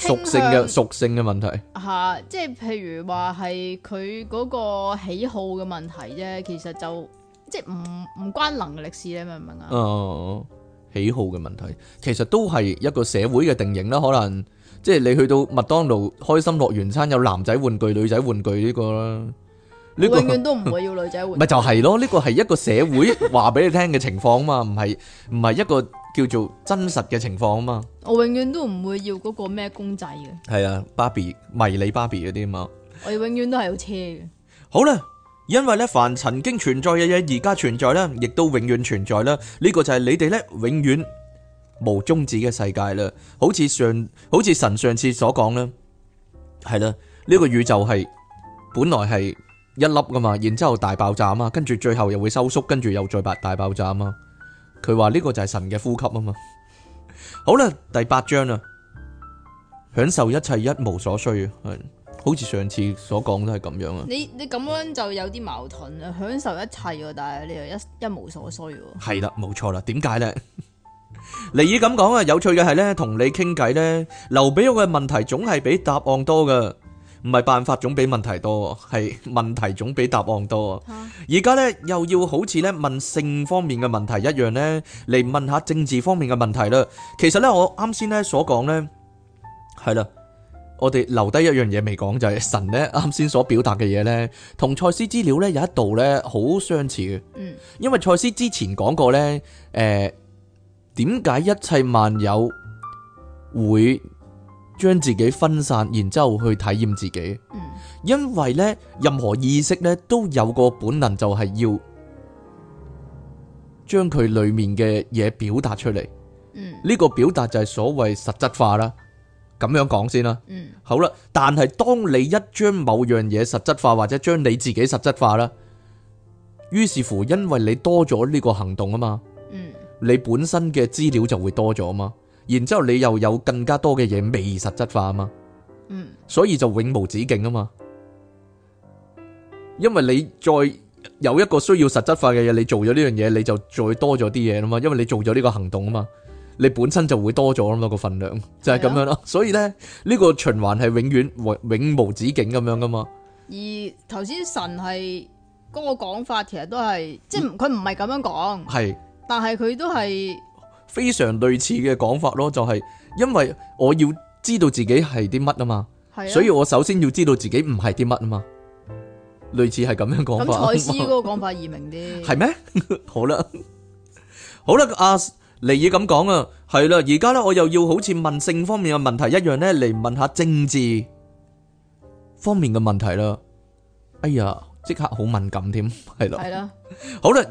屬性嘅屬性嘅問題，吓，即係譬如話係佢嗰個喜好嘅問題啫，其實就即係唔唔關能力事，你明唔明啊？哦，喜好嘅問題，其實都係一個社會嘅定型啦，可能即係你去到麥當勞、開心樂園餐有男仔玩具、女仔玩具呢個啦，你永遠都唔會要女仔玩具，咪就係咯，呢個係一個社會話俾你聽嘅情況啊嘛，唔係唔係一個叫做真實嘅情況啊嘛，我永遠都唔會要嗰個咩公仔嘅。係啊，芭比迷你芭比嗰啲啊嘛，我永遠都係有車嘅。好啦，因為呢，凡曾經存在嘅嘢，而家存在啦，亦都永遠存在啦。呢個就係你哋呢永遠無終止嘅世界啦。好似上好似神上次所講啦，係啦，呢個宇宙係本來係一粒噶嘛，然之後大爆炸啊，跟住最後又會收縮，跟住又再發大爆炸啊。佢話呢個就係神嘅呼吸啊嘛，好啦，第八章啦，享受一切一無所需啊，好似上次所講都係咁樣啊。你你咁樣就有啲矛盾啊，享受一切，但係你又一一無所需喎。係啦，冇錯啦，點解呢？尼爾咁講啊，有趣嘅係呢，同你傾偈呢，留俾我嘅問題總係比答案多噶。唔係辦法總比問題多，係問題總比答案多。而家咧又要好似咧問性方面嘅問題一樣咧，嚟問下政治方面嘅問題啦。其實咧，我啱先咧所講咧，係啦，我哋留低一樣嘢未講，就係神咧啱先所表達嘅嘢咧，同賽斯資料咧有一度咧好相似嘅。嗯，因為賽斯之前講過咧，誒，點解一切萬有會？將自己分散，然之後去體驗自己。嗯、因為咧，任何意識咧都有個本能，就係要將佢裏面嘅嘢表達出嚟。嗯、呢個表達就係所謂實質化啦。咁樣講先啦。嗯，好啦，但係當你一將某樣嘢實質化，或者將你自己實質化啦，於是乎，因為你多咗呢個行動啊嘛，嗯、你本身嘅資料就會多咗嘛。然之後你又有更加多嘅嘢未實質化啊嘛，嗯，所以就永無止境啊嘛，因為你再有一個需要實質化嘅嘢，你做咗呢樣嘢，你就再多咗啲嘢啊嘛，因為你做咗呢個行動啊嘛，你本身就會多咗啊嘛個份量，就係、是，咁樣咯。啊、 所以咧，呢、這個循環係永遠永無止境咁樣噶嘛。而頭先神係嗰、那個講法，其實都係即係佢唔係咁樣講，係，嗯、但係佢都係。非常類似嘅講法咯，就係因為我要知道自己係啲乜啊嘛，所以我首先要知道自己唔係啲乜啊嘛，類似係咁樣講法。咁蔡司嗰個講法易明啲，係咩？好啦，好啦，阿尼爾咁講啊，係啦，而家咧我又要好似問性方面嘅問題一樣咧，嚟問下政治方面嘅問題啦。哎呀，即刻好敏感添，係咯，係咯，好啦。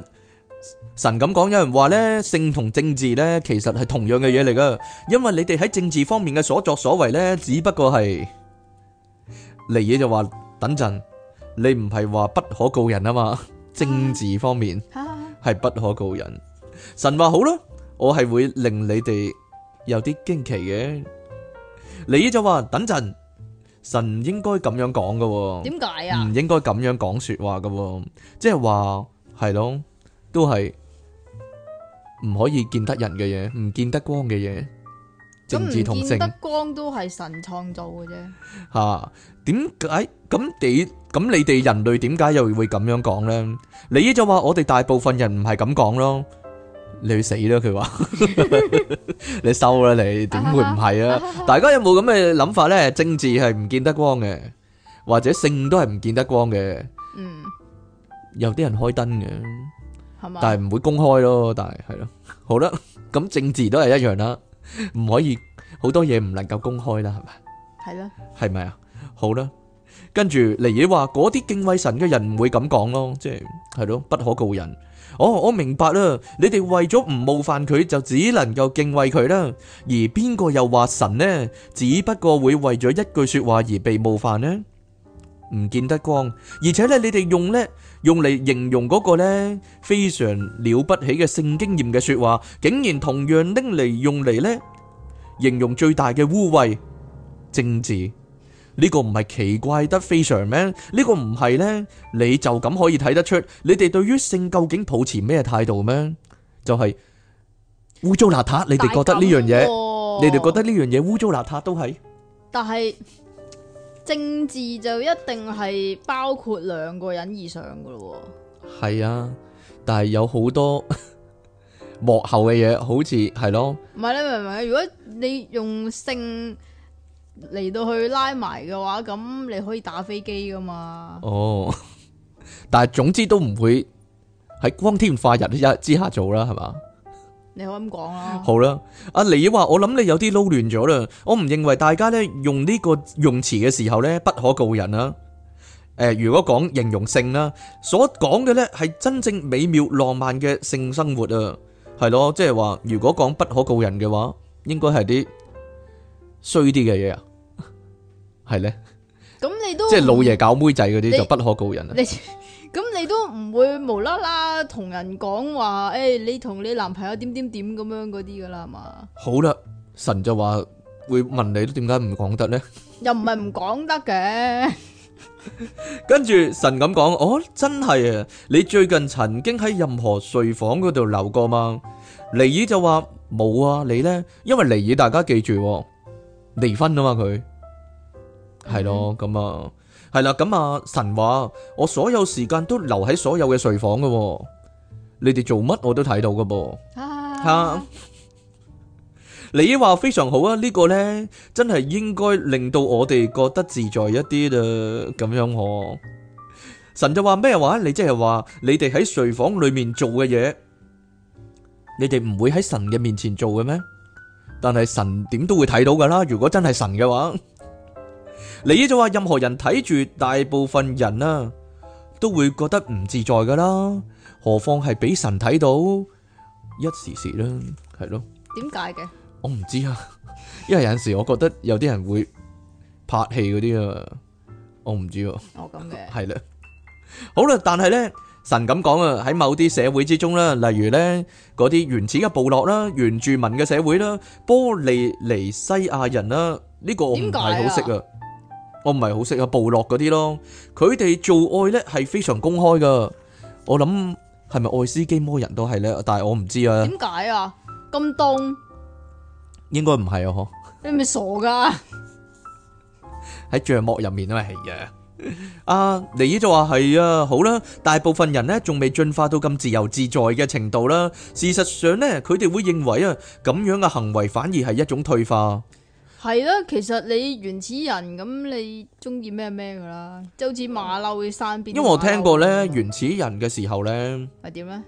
神咁講，有人話咧，性同政治咧，其實係同樣嘅嘢嚟噶。因為你哋喺政治方面嘅所作所為咧，只不過係。嚟嘢就話等陣，你唔係話不可告人啊嘛。政治方面係不可告人。神話好咯，我係會令你哋有啲驚奇嘅。嚟嘢就話等陣，神唔應該咁樣講噶，點解啊？唔應該咁樣講說話噶，即係話係咯，都係。唔可以見得人嘅嘢，唔見得光嘅嘢，政治同性，唔見得光都係神創造嘅啫。吓，點解咁你咁你哋人類點解又會咁樣講咧？你就話我哋大部分人唔係咁講咯，你去死啦！佢話你收啦，你點會唔係啊？大家有冇咁嘅諗法咧？政治係唔見得光嘅，或者性都係唔見得光嘅。嗯，有啲人開燈嘅。但係唔會公開咯，但係係咯，好啦，咁政治都係一樣啦，唔可以好多嘢唔能夠公開啦，係咪？係咯，係咪啊？好啦，跟住嚟耶話嗰啲敬畏神嘅人唔會咁講咯，即係係咯，不可告人。我、哦、我明白啦，你哋為咗唔冒犯佢，就只能夠敬畏佢啦。而邊個又話神呢？只不過會為咗一句說話而被冒犯呢？唔見得光，而且咧，你哋用咧。用嚟形容嗰個呢非常了不起嘅性經驗嘅說話，竟然同樣拎嚟用嚟呢形容最大嘅污穢政治，呢個唔係奇怪得非常咩？呢個唔係呢，你就咁可以睇得出你哋對於性究竟抱持咩態度咩？就係污糟邋遢，骯髒骯髒，是你哋覺得呢樣嘢，是你哋覺得呢樣嘢污糟邋遢都係，但係。政治就一定係包括兩個人以上噶咯，係啊，但係有好多 幕後嘅嘢，好似係咯，唔係你明唔明啊？如果你用性嚟到去拉埋嘅話，咁你可以打飛機噶嘛？哦，但係總之都唔會喺光天化日之下做啦，係嘛？你好咁講啊。好啦，阿李話我諗你有啲撈亂咗啦。我唔認為大家咧用呢個用詞嘅時候咧不可告人啦。誒，如果講形容性啦，所講嘅咧係真正美妙浪漫嘅性生活啊，係咯，即係話如果講不可告人嘅話，應該係啲衰啲嘅嘢啊，係咧。咁你都即係老爺搞妹仔嗰啲就不可告人啦。你都唔會無啦啦同人講話，誒，你同你男朋友點點點咁樣嗰啲噶啦，係嘛？好啦，神就話會問你，點解唔講得咧？又唔係唔講得嘅。跟住神咁講，哦，真係啊！你最近曾經喺任何睡房嗰度留過嘛？尼爾就話冇啊，你咧，因為尼爾大家記住離婚啊嘛，佢係咯，咁啊。係啦，咁啊，神話我所有時間都留喺所有嘅睡房噶，你哋做乜我都睇到噶噃 Hi.、啊。你話非常好啊，呢、這個呢，真係應該令到我哋覺得自在一啲啦。咁樣我、啊、神就話咩話？你即係話你哋喺睡房裏面做嘅嘢，你哋唔會喺神嘅面前做嘅咩？但係神點都會睇到噶啦。如果真係神嘅話。嚟益就話，任何人睇住，大部分人啊，都會覺得唔自在噶啦。何況係俾神睇到一時時啦，係咯？點解嘅？我唔知啊，因為有陣時我覺得有啲人會拍戲嗰啲啊，我唔知啊。我咁嘅係啦，好啦，但係咧，神咁講啊，喺某啲社會之中啦，例如咧嗰啲原始嘅部落啦、原住民嘅社會啦、玻利尼西亞人啦，呢、這個我唔係好識啊。我唔係好識啊，部落嗰啲咯，佢哋做愛咧係非常公開噶。我諗係咪愛斯基摩人都係咧，但係我唔知啊。點解啊？咁凍應該唔係哦。你係咪傻噶？喺帳幕入面啊嘛，係啊。你就話係啊，好啦，大部分人咧仲未進化到咁自由自在嘅程度啦。事實上咧，佢哋會認為啊，咁樣嘅行為反而係一種退化。係啦，其實你原始人咁，你中意咩咩噶啦，就好似馬騮會山邊。因為我聽過咧，原始人嘅時候咧，係點咧？誒、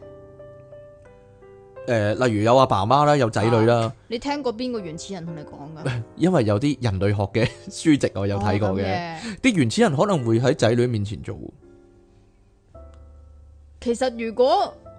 呃，例如有阿爸媽啦，有仔女啦、啊。你聽過邊個原始人同你講噶？因為有啲人類學嘅書籍我有睇過嘅，啲、哦、原始人可能會喺仔女面前做。其實如果。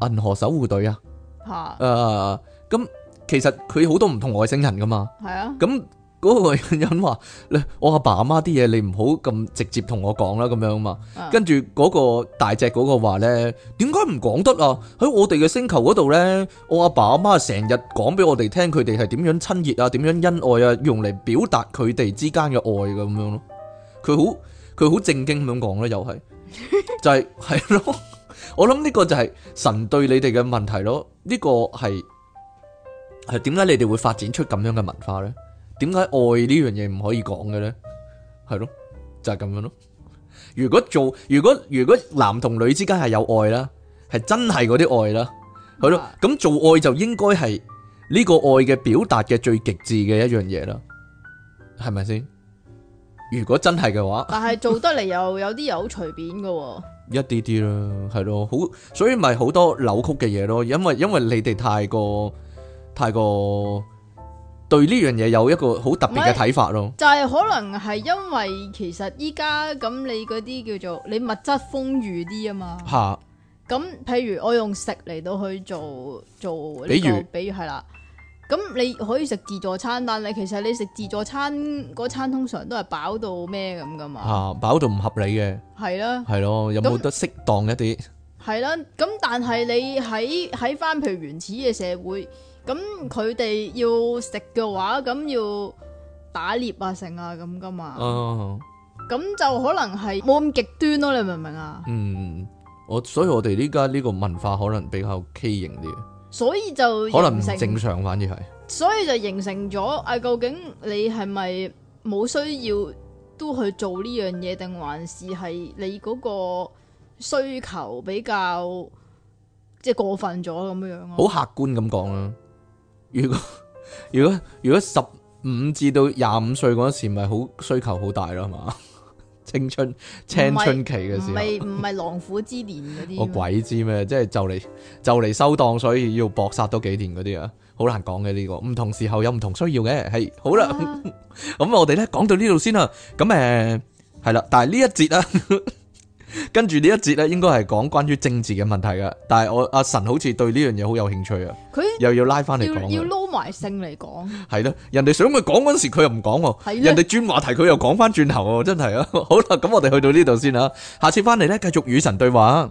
銀河守護隊啊，吓、啊，誒、啊，咁其實佢好多唔同外星人噶嘛，係啊，咁嗰個人話：我阿爸阿媽啲嘢，你唔好咁直接同我講啦，咁樣嘛。跟住嗰個大隻嗰個話咧，點解唔講得啊？喺我哋嘅星球嗰度咧，我阿爸阿媽成日講俾我哋聽，佢哋係點樣親熱啊，點樣恩愛啊，用嚟表達佢哋之間嘅愛咁樣咯。佢好佢好正經咁樣講咧，又係就係係咯。 我諗呢個就係神對你哋嘅問題咯，呢、這個係係點解你哋會發展出咁樣嘅文化呢？點解愛呢樣嘢唔可以講嘅呢？係咯，就係、是、咁樣咯。如果做如果如果男同女之間係有愛啦，係真係嗰啲愛啦，係咯，咁、啊、做愛就應該係呢個愛嘅表達嘅最極致嘅一樣嘢啦，係咪先？如果真係嘅話，但係做得嚟，又有啲有好隨便噶、哦。一啲啲啦，係咯，好，所以咪好多扭曲嘅嘢咯，因為因為你哋太過太過對呢樣嘢有一個好特別嘅睇法咯，就係、係、可能係因為其實依家咁你嗰啲叫做你物質豐裕啲啊嘛，吓係，咁譬如我用食嚟到去做做、呢個，比如比如係啦。咁你可以食自助餐，但係其實你食自助餐嗰、那個、餐通常都係飽到咩咁噶嘛？啊，飽到唔合理嘅。係啦，係咯，有冇得適當一啲？係啦、啊，咁但係你喺喺返譬如原始嘅社會，咁佢哋要食嘅話，咁要打獵啊成啊咁噶嘛？哦、啊、咁、啊啊啊、就可能係冇咁極端咯、啊，你明唔明啊？嗯，我所以我哋而家呢個文化可能比較畸形啲。所以就可能唔正常，反而係。所以就形成咗，唉，究竟你係咪冇需要都去做呢樣嘢，定還是係你嗰個需求比較即係過分咗咁樣啊？好客觀咁講啦，如果如果如果十五至到廿五歲嗰時，咪好需求好大咯，係嘛？青春是青春期嘅時是，唔係唔係狼虎之年啲。我鬼知咩？ 即係就嚟就嚟收檔，所以要搏殺多幾年嗰啲啊，好難講嘅呢個。唔同時候有唔同需要嘅，係好啦。咁、啊、 我哋咧講到呢度先啦。咁誒係啦，但係呢一節啊。 跟住呢一節咧，應該係講關於政治嘅問題噶，但係我阿神好似對呢樣嘢好有興趣啊，佢他 又要拉翻嚟講，要撈埋性嚟講，係 咯， 人哋想佢講嗰時佢又唔講，嗎人哋轉話題佢又講翻轉頭，真係啊， 好啦，咁我哋去到呢度先啦，下次翻嚟咧繼續與神對話。